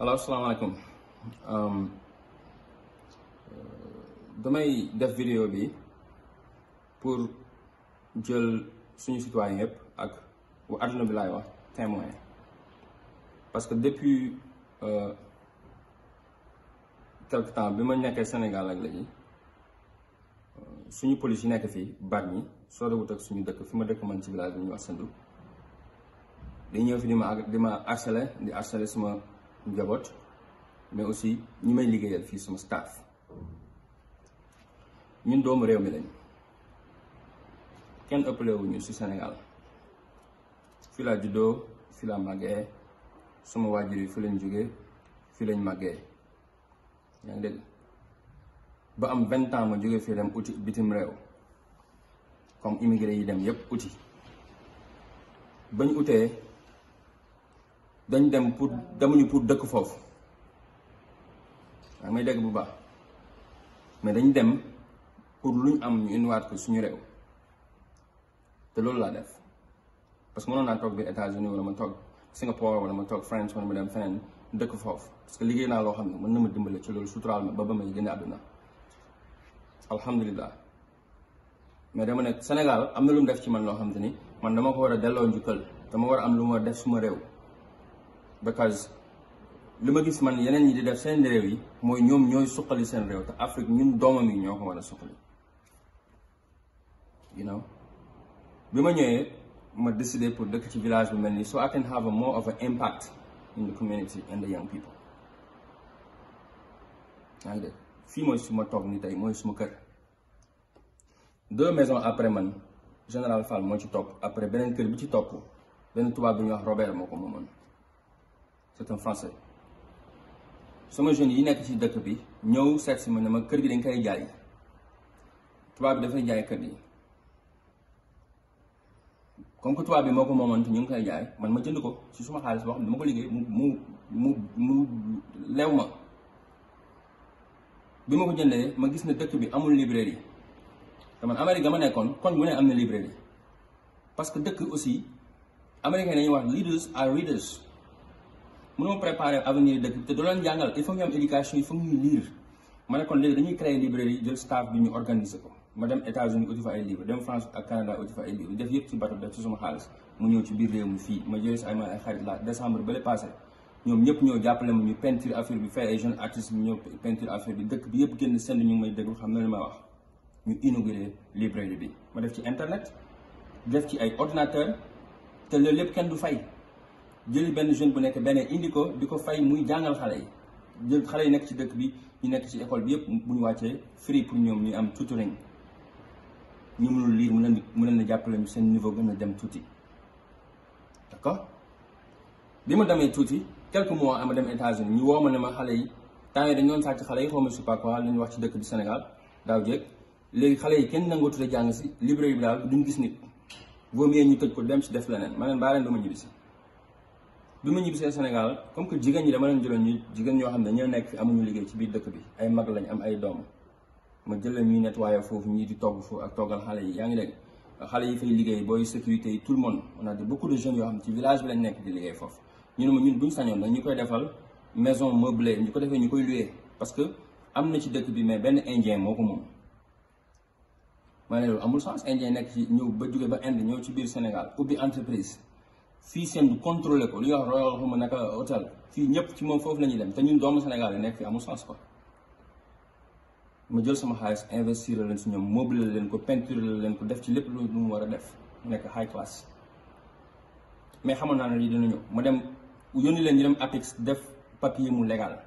alors asalaamaaleykum um, uh, damay def vidéo bi pour jël suñu citoyen yëpp ak bu àdduna bi laay wax témoin parce que depuis uh, quelque temps bi ma nekkee Sénégal ak léegi uh, suñu police yi nekk fii Bargny sorewut ak suñu dëkk fi ma dëkk man ci village bi ñuy wax Sendou di ñëw fi di ma di ma harcelé di harcelé suma njaboot mais aussi ñi may liggéeyal fii sama staff ñun doomu réew mi lañ kenn ëppale wuñu ci senegal fi laa juddoo fi laa màggee suma waajur yi fi lañ jóge fii lañ màggee yaa ngi dégg ba am vingt ans ma jóge fii dem uti bitim réew comme immigré yi dem yépp uti bañ utee dañ dem pour demuñu pour dëkk fofu da may dégg bu baax mais dañ dem pour luñ am ñu indiwaat ko suñu rew té loolu la def parce que mënoon na tok bi États-Unis wala ma tok Singapore wala ma tok France wala ma dem fenen dëkk fofu parce que liggéey naa loo xam ne mën na ma dimbale ci loolu sutural ma ba ba may gën àdduna mais dama ne Sénégal am na lu def ci man loo xam te man dama ko war a delloo njukkal dama war a am lu ma def suma réew because li ma gis man yeneen ñi di def seen réew yi mooy ñoom ñooy suqali seen réew te Afrique ñun doomam yi ñoo ko war a suqali you know bi ma ñëwee ma décidé pour dëkk ci village bu mel nii so I can have a more of an impact in the community and the young people yaa ngi fii mooy su ma toog ni tey mooy suma kër deux maisons après man général Fall moo ci topp après beneen kër bi ci topp benn tubaab bi ñuy wax Robert moo ko moomoon c'est un français sama yi nekk ci dëkk bi ñëw seet si ma na ma kër gi dañ koy jaay tubaab bi dafay jaay kër gi comme que tubaab bi moo ko moomoon ñu ngi koy jaay man ma jënd ko ci suma xaalis boo xam ne ko liggéey mu mu mu mu lew ma bi ma ko jëndee ma gis ne dëkk bi amul librairie te man Amérique ma nekkoon kon bu ne am na librairie parce que dëkk aussi américain dañuy wax leaders are readers mënoo préparer avenir dëkk te doo leen jàngal il faut ñu am éducation il faut ñuy lire ma ne kon léegi dañuy créer librairie jël staff bi ñu organiser ko ma dem États-Unis uti fa ay livre dem France ak Canada uti fa ay livre def yëpp ci bato def ci suma xaalis mu ñëw ci biir réew mi fii ma jëlee si ay ma ay xarit la décembre bële passé ñoom ñëpp ñoo jàppale ma ñu peinture affaire bi fay ay jeunes artistes ñoo peinture affaire bi dëkk bi yëpp génn seen ñu ngi bi ma def ci internet def ci ay ordinateur te loolu lépp kenn du fay jëli benn jeune bu nekk benn indi ko di ko fay muy jàngal xale yi jël xale yi nekk ci dëkk bi ñu nekk ci école bi yëpp bu ñu wàccee free pour ñoom ñu am tutoring ñu mënul lire mu leen di mu leen jàppale ñu seen niveau gën a dem tuuti d'accord bi ma demee tuuti quelques mois ama dem États-Unis ñu woo ma ne ma xale yi temps yi dañu doon sàcc xale yi xaw ma je sais pas quoi li wax ci dëkk bi Sénégal daaw jéeg léegi xale yi kenn nangootu la jàng si librairie bi daal duñ gis nit vaut mieux ñu tëj ko dem si def leneen ma ne leen baa leen dama ñibbi si bi ma ñibbisee Sénégal comme que jigen ñi dama leen jëloon ñu jigen ñoo xam ne ñoo nekk fi amuñu liggéey ci biir dëkk bi ay mag lañ am ay doom ma jël leen ñuy nettoyé foofu ñii di togg fu ak togal xalé yi yaa ngi dégg xale yi fay liggéey boy sécurité tout le monde on a de beaucoup de jeunes yoo xam ci village bi lañ nekk di liggéey foofu ñu ne ma ñun buñ sañoon nag ñu koy defal maison meublée ñu ko defee ñu koy loué parce que am na ci dëkk bi mais benn indien moo ko moom ma ne amul sens indien nekk ci ñëw ba jóge ba Inde ñëw ci biir Sénégal ubbi entreprise fii seen bu contrôlé ko lu nga wax royal xuma naka hôtel fii ñëpp ci moom foofu la ñuy dem te ñu doomu Sénégal yi nekk fi amul sens quoi ma jël sama xaalis investir leen si ñoom meublé leen ko peinture leen ko def ci lépp lu mu war a def nekk high class mais xamoon naa ne lii dina ñëw ma dem yónni leen ñu dem APEX def papier mu légal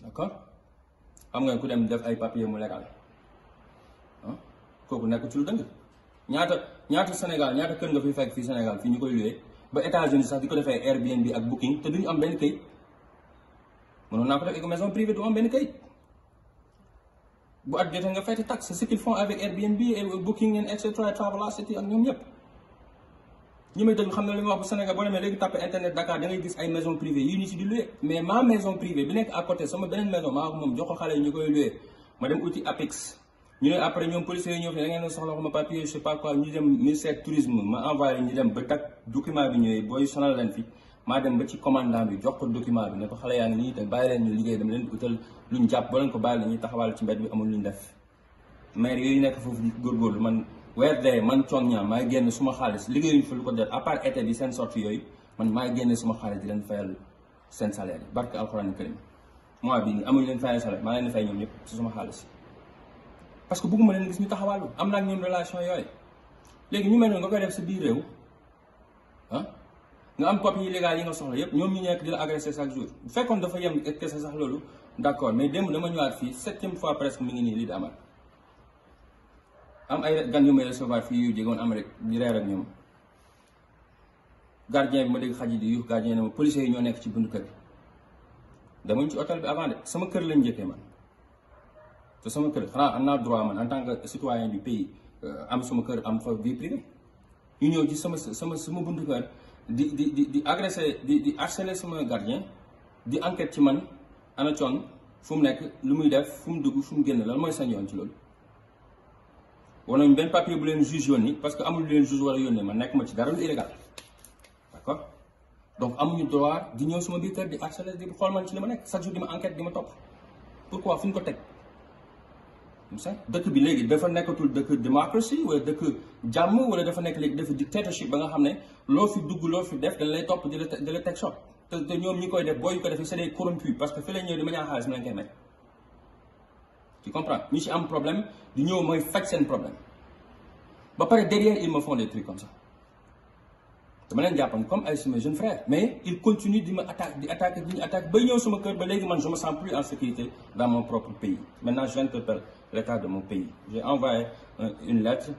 d'accord xam nga ku dem def ay papier mu légal ah kooku nekk ci lu dëng ñaata ñaata Sénégal ñaata kër nga fi fekk fii Sénégal fii ñu koy luwee ba États-Unis sax di ko defee Airbnb ak Booking te duñu am benn këyit mënoon naa ko def maison privée du am benn këyit bu at jotee nga fay taxe ce qu'ils font avec Airbnb et Booking et cetera Travelocity ak ñoom ñëpp ñi may déglu xam na li ma wax bu Sénégal boo demee léegi tapé internet Dakar da ngay gis ay maison privée yi ñu si di loué mais ma maison privée bi nekk à côté sama beneen maison maa ko moom jox ko xale ñu koy loué ma dem uti Apix. ñu ne après polisi police yi ñëw fi da ngeen soxla ma papier je sais pas quoi ñu dem ministère tourisme ma envoyé ñu dem ba tak document bi ñëwee boy sonal leen fi maa dem ba ci commandant bi jox ko document bi ne ko xale yaa ngi nii te leen ñu liggéey dama leen utal luñ jàpp ba leen ko bàyyi la ñuy taxawal ci mbedd bi amul luñ def maire yooyu nekk foofu man weer dee man coon ñaa maay génn suma xaalis liggéeyuñ fa lu ko def à part été bi seen sorti yooyu man ma génn suma xaalis di leen fayal seen salaire barke alxuraan karim moi bi ni amuñ leen fayal salaire ma leen fay ñoom ñëpp suma parce que bëgguma leen gis ñu taxawaalu am naa ak ñoom relation yooyu léegi ñu mel noonu nga koy def si biir réew ah, nga am copie illégale yi nga soxla yépp ñoom ñu nekk di la agressé chaque jour bu fekkoon dafa yem mais démb dama ñëwaat fii septième fois presque ngi nii lii di amal gan yu may recevoir fii yu jógewoon Amérique di reer ak ñoom gardien bi ma yi di yuux gardien ma policiers yi ñoo nekk ci buntu kër bi damañ avant sama kër lañ njëkkee man. te sama kër xanaa am naa droit man en tant que citoyen du pays euh, am sama kër am fa vie privée ñu ñëw ci sama sama sama buntu kër di di di di agressé di di harcelé sama gardien di enquête ci man ana coon fu nekk lu muy def fu mu dugg fu mu génn lan mooy seen yoon ci loolu. wanañ benn papier bu leen juge yónni parce que amul lu leen juge war a yónnee man nekk ma ci dara lu illégal d'accord donc amuñu droit di ñëw sama biir kër di harcelé di xool man ci li ma nekk chaque jour ma enquête di ma topp pourquoi fu ñu ko teg. sax dëkk bi léegi dafa nekkatul dëkk démocratie wala dëkk jàmm wala dafa nekk léegi dafa dictatorship ba nga xam ne loo fi dugg loo fi def dañ lay topp di la di la teg choc te te ñoom ñi koy def booy yu ko def c'est des corrompus parce que fi la ñëw di ma ñaan xaalis mi lañ koy may tu comprends ñi si am problème di ñëw mooy faj seen problème ba pare derrière ils me font des trucs comme ça dama leen jàppoon comme ay mes jeunes frères mais il continue de ma attaque di attaquer di ñu attaque bay ñëw sama kër ba man me sens plus en sécurité dans mon propre pays maintenant je j'interpelle l'État de mon pays j'ai envoyé euh, une lettre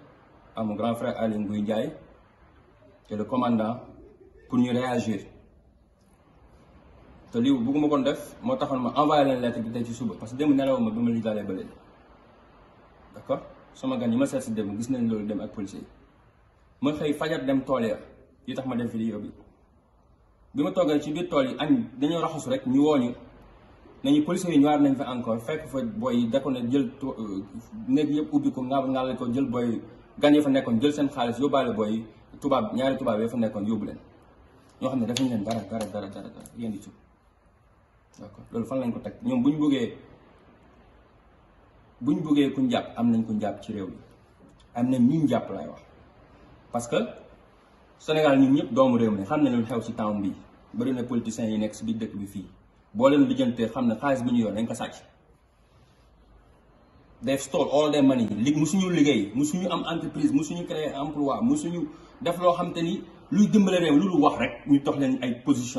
à mon grand frère Aline Ngouille Ndiaye et le commandant pour nous réagir te lii bëgguma koon def moo taxoon ma envoyé leen lettre bi tey ci suba parce que démb nelaw ma bi ma li Je ba léegi d'accord sama gan yi ma seet si démb gis nañ loolu dem ak policier yi ma xëy fajar dem tool li tax ma def vidéo bi bi ma toogee ci biir tool yi añ dañoo raxasu rek ñu woo ñu nañu policiers yi ñëwaat nañ fa encore fekk fa booy yi dako ne jël euh, néeg yëpp ubbi ko nga ngaale ko jël booy gan yi fa nekkoon jël seen xaalis yóbbaale booy tubaab ñaari tubaab ya fa nekkoon yóbbu leen ñoo xam ne defuñu leen dara dara dara dara dara yéen di ci d'accord loolu fan lañ ko teg ñoom bu ñu buggee bu ñu bëggee kuñ jàpp am nañ kuñ jàpp ci réew mi na ñuñ jàpp Sénégal ñun ñëpp doomu réew xam xew ci bi na politiciens yi nekk dëkk bi fii boo leen xam ne xaalis ñu yoon dañ ko sàcc. they've stole all their money li musuñu liggéey musuñu am entreprise musuñu créer emploi musuñu def loo xam te luy dimbale réew lu wax rek ñu tox le pays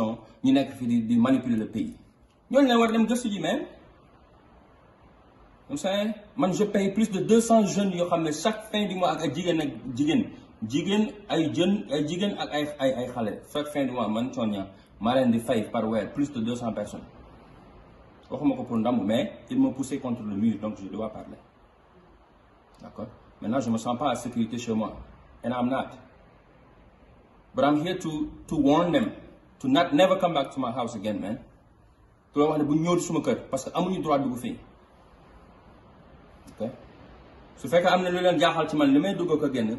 ñooñu leen war dem gëstu ji même. comme ça man je paye plus de 200 jeunes chaque fin du mois Jigen, ay jeunes ay jigéen ak ay ay ay xalé chaque fin du mois man Sonia maa leen di fay par weer plus de deux personnes waxuma ko pour ndam mais il m'a poussé contre le mur donc je dois parler d'accord maintenant je me sens pas en sécurité chez moi and I'm not but I'm here to to warn them to not never come back to my house again man Tu loo wax ne bu ñëw suma kër parce que amuñu droit dugg fii ok su fait que na lu leen jaaxal ci man limay may dugg ko génn.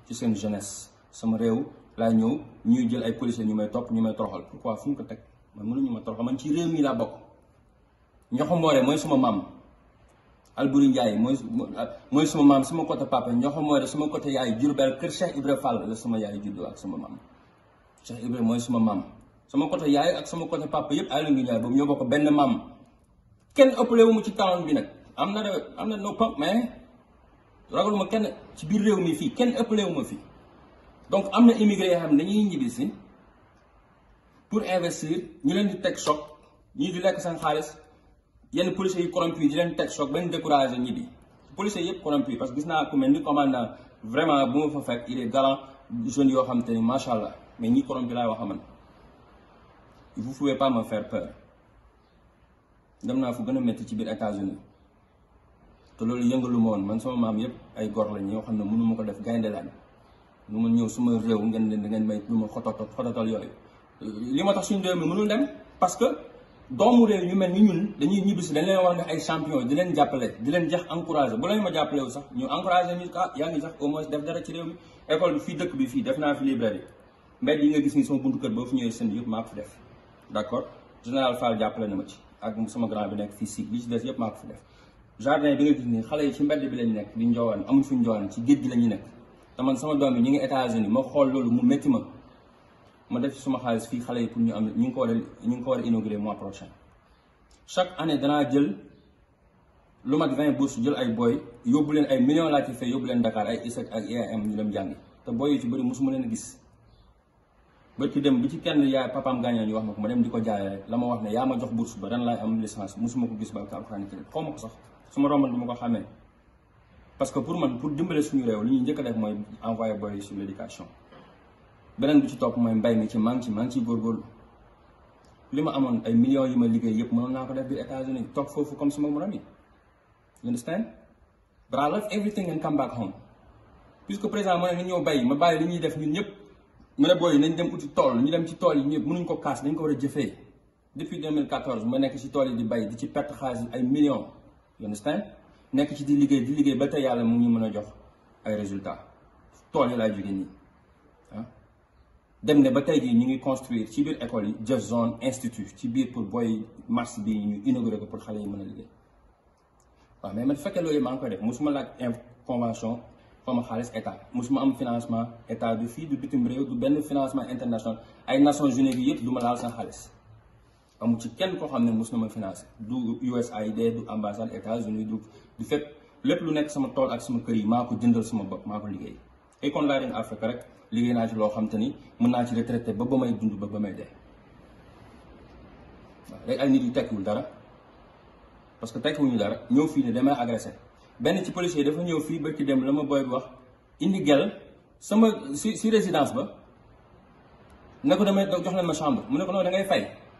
ci seen jeunesse sama rew la ñew ñuy jël ay policiers ñu may top ñu may toroxal pourquoi fu ko tek man mënu ñu ma toroxal man ci rew mi la bok ñoxu moore moy suma maam Alboury ndjay moy moy ah, suma mam suma côté papa ñoxu moore suma côté yaay jurbel keur Cheikh ibrahim Fall la suma yaay juddoo ak suma mam Cheikh ibrahim moy suma mam sama côté yaay ak sama côté papa yëpp Aly Ngouille Ndiaye bu ñoo bok benn mam kenn ëppulé wu mu ci talon bi nak amna amna no pop mais ragal ma kenn ci biir réew mi fii kenn ëppalewu ma fii donc am na immigré yoo xam ne dañuy ñibbisi pour investir ñu leen di teg choc ñi di lekk seen xaalis yenn policiers yi corrompu di leen teg choc bañ découragé ñibbi policiers yëpp corrompu parce que gis naa ku mel ni commandant vraiment bu ma fa fekk il est galant jeune yoo xam te ni macha allah mais ñi corrompu laay wax a man vous pouvez pas me faire peur dem naa fu gën a métti ci biir États-Unis te loolu yëngalu ma woon man sama maam yëpp ay gor lañ ñoo xam ne mënu ma ko def gaynde laan lu ma ñëw suma réew ngeen ne ngeen may lu ma xototo xototal yooyu li ma tax suñu réew mi mënul dem parce que doomu réew ñu mel ni ñun dañuy ñibbisi dañ leen wax ne ay champion di leen jàppale di leen jeex encouragé bu leen ma jàppale sax ñu encouragé ñu ah yaa ngi sax au moins def dara ci réew mi école bi fii dëkk bi fii def naa fi librairie mbedd yi nga gis ni sama ñëwee seen yëpp maa ko def d' accord général Fall jàppale na ma ci ak sama grand bi nekk fii si bi yëpp maa ko fi def jardin bi nga gis nii xale yi ci mbedd bi lañ nekk di njoowaan amul fu njoowaan ci géej gi la ñu nekk te man sama doom yi ñu ngi États-Unis ma xool loolu mu métti ma ma def suma xaalis fii xale yi pour ñu am ñu ngi ko war a ñu ngi ko war a inauguré mois prochain chaque année danaa jël lu mat vingt bourses jël ay booy yóbbu leen ay millions laa ci fay yóbbu leen Dakar ay ISEC ak IAM ñu dem jàngi te booy yu ci bëri mosuma leen gis ba ci dem bi ci kenn yaay papaam gaañoo ñu wax dem di ko jaayee la ma wax ne yaa ma jox bourse ba ren laay am licence mosuma ko gis ba alxuraan xaw ma su ma romboon du ko xamé parce que pour man pour dimbalé suñu réew li ñu jëk def moy envoyer boy sur l'éducation benen bu ci top moy mbay mi ci maa ci maa ci ciy góorgóorlu li ma ay millions yima liggéey yépp mënoon naa ko def bi États-Unis top fofu comme suma morami you understand but I left everything and come back home puisque présent moo ne ñow bay ma bay li ñuy def ñun ñëpp mu ne boy nañ dem uti tool ñu dem ci tool yi ñëpp mënuñ ko kaas dañ ko wara jëfé depuis 2014 ma nekk ci tool yi di bay di ci perte xaalis ay millions you understand nekk ci di liggéey di liggéey ba tey yàlla mu ngi mën a jox ay résultats tool yi laa jógee nii ah. dem ne ba tey jii ñu ngi construire ci biir école yi Jeff Zone institut ci biir pour boy mars bi ñu inauguré ko pour xalé yi mën a liggéey waaw mais man fekkee loolu maa ngi koy def musuma laaj convention xaw ma xaalis état musuma am financement état du fii du bitim réew du benn financement international ay Nations Unies yi yëpp du ma laal sa xaalis. amul ci kenn koo xam ne mos na ma financé du USAID du ambassade États-Unis du du lépp lu nekk sama tool ak sama kër yi maa ko jëndal sama bopp maa ko liggéey Akon Ladoum Africa rek liggéey naa ci loo xam te ni mën naa ci retraité ba ba may dund ba ba may dee waaw rek ay nit yu tekkiwul dara parce que tekkiwuñu dara ñëw fii ne damay agressé benn ci policier dafa ñëw fii ba ci dem la ma booy wax indi gel sama si si résidence ba ne ko damay jox leen ma chambre mu ne ko noonu fay.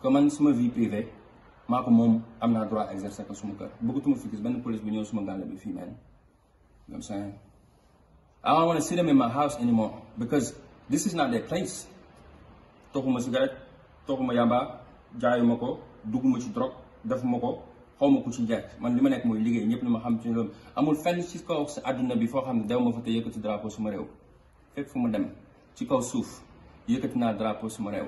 que man suma vie privée maa ko moom am naa droit exercer ko suma kër bëggatuma fi gis benn police bu ñëw suma gàll bi fii man I'm saying I don't want to see them in my house anymore because this jaayuma ko dugguma ci drogue defuma ko xaw ma ku man li ma nekk mooy liggéey ñëpp ni ma xam ci loolu amul fenn ci kaw si àdduna bi foo xam ne dew ma fa te yëkkati drapeau suma réew fekk fu mu dem ci kaw suuf yëkkati naa drapeau suma réew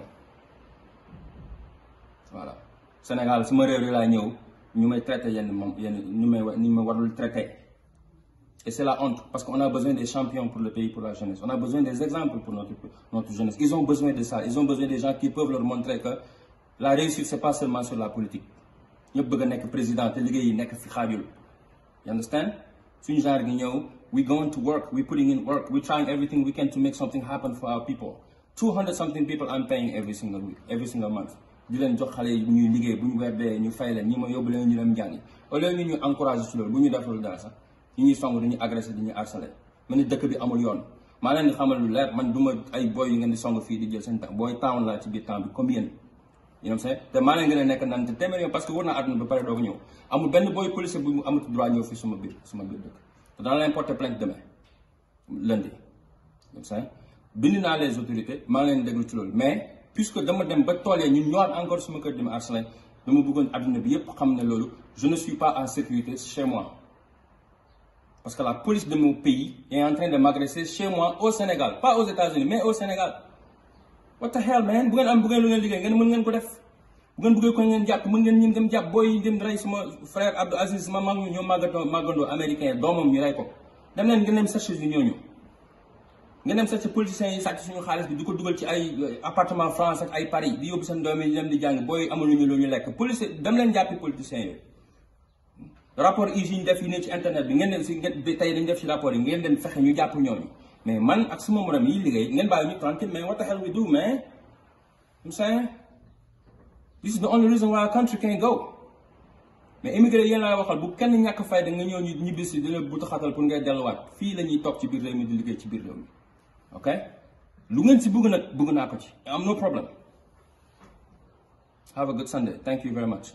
voilà Sénégal si je réew yi nous me ñu may traité yenn moom yenn ñu may ma warul traité et c'est la honte parce qu'on a besoin des champions pour le pays pour la jeunesse on a besoin des exemples pour notre notre jeunesse ils ont besoin de ça ils ont besoin des gens qui peuvent leur montrer que la réussite c'est pas seulement sur la politique ñëpp bëgg a nekk président te liggéey yi nekk fi xaajul you understand suñu genre gi ñëw we going to work we putting in work we trying everything we can to make something happen for our people 200 something people I'm paying every single week every single month di leen jox xale yi ñuy liggéey bu ñu weddee ñu fay leen ñi ma yóbbu leen ñu dem jàngi au lieu ñu ñu encouragé si loolu bu ñu def loolu dara sax ñi ñuy song dañuy agressé dañuy harcelé man dëkk bi amul yoon maa leen di leer man du ma ay boy yu ngeen di song fii di jël seen temps booy laa ci biir temps comme yéen yéen sa te maa leen gën a nekk naan te téeméer yoon parce que war naa àdduna ba pare doo ko ñëw amul benn booy policier bu mu amatu droit ñëw fii suma biir suma biir dëkk te dana leen porter plainte demain lundi sa bind naa les autorités maa leen déglu ci loolu mais puisque dama dem ba tolé ñun ñëwaat encore suma kër di arsenal dama bëggoon aduna bi yépp xamné lolu je ne suis pas en sécurité chez moi parce que la police de mon pays est en train de m'agresser chez moi au Sénégal pas aux États-Unis mais au Sénégal what the hell man bu ngeen am bu ngeen lu ngeen liggé ngeen mën ngeen ko def bu ngeen bëggee ko ngeen japp mën ngeen ñim dem japp boy yi dem ray suma frère Abdou Aziz ma mag ñu ñoo màggatoo màggandoo américain domam ñu ray ko dem leen ngeen dem chercher ñu ñooñu nga dem sa ci politiciens yi sàcc suñu xaaliss bi di duggal ci ay euh, appartement France ak ay Paris di yóbbu seen doom yi dem di jàng boy amaluñu lu ñu lek police dam leen jàppi politiciens yi rapport yi def ni ci internet bi ngeen ci si ngeen tey dañ def ci rapport yi ngeen dem fexé ñu japp ñooñu mais man ak suma moram yi ligay ngeen baay ñu tranquille mais what the hell we do man I'm saying this is the only reason why our country can go mais immigré yeen la waxal bu kenn ñàkk fayda nga ñëw ñu ñibbisi di bu taxatal pour ngay delu wat fi lañuy tok ci bir réew mi di liggéey ci bir réew mi ok lu ngeen si bëgg nag bëgg naa ko ci am no problem have a good Sunday thank you very much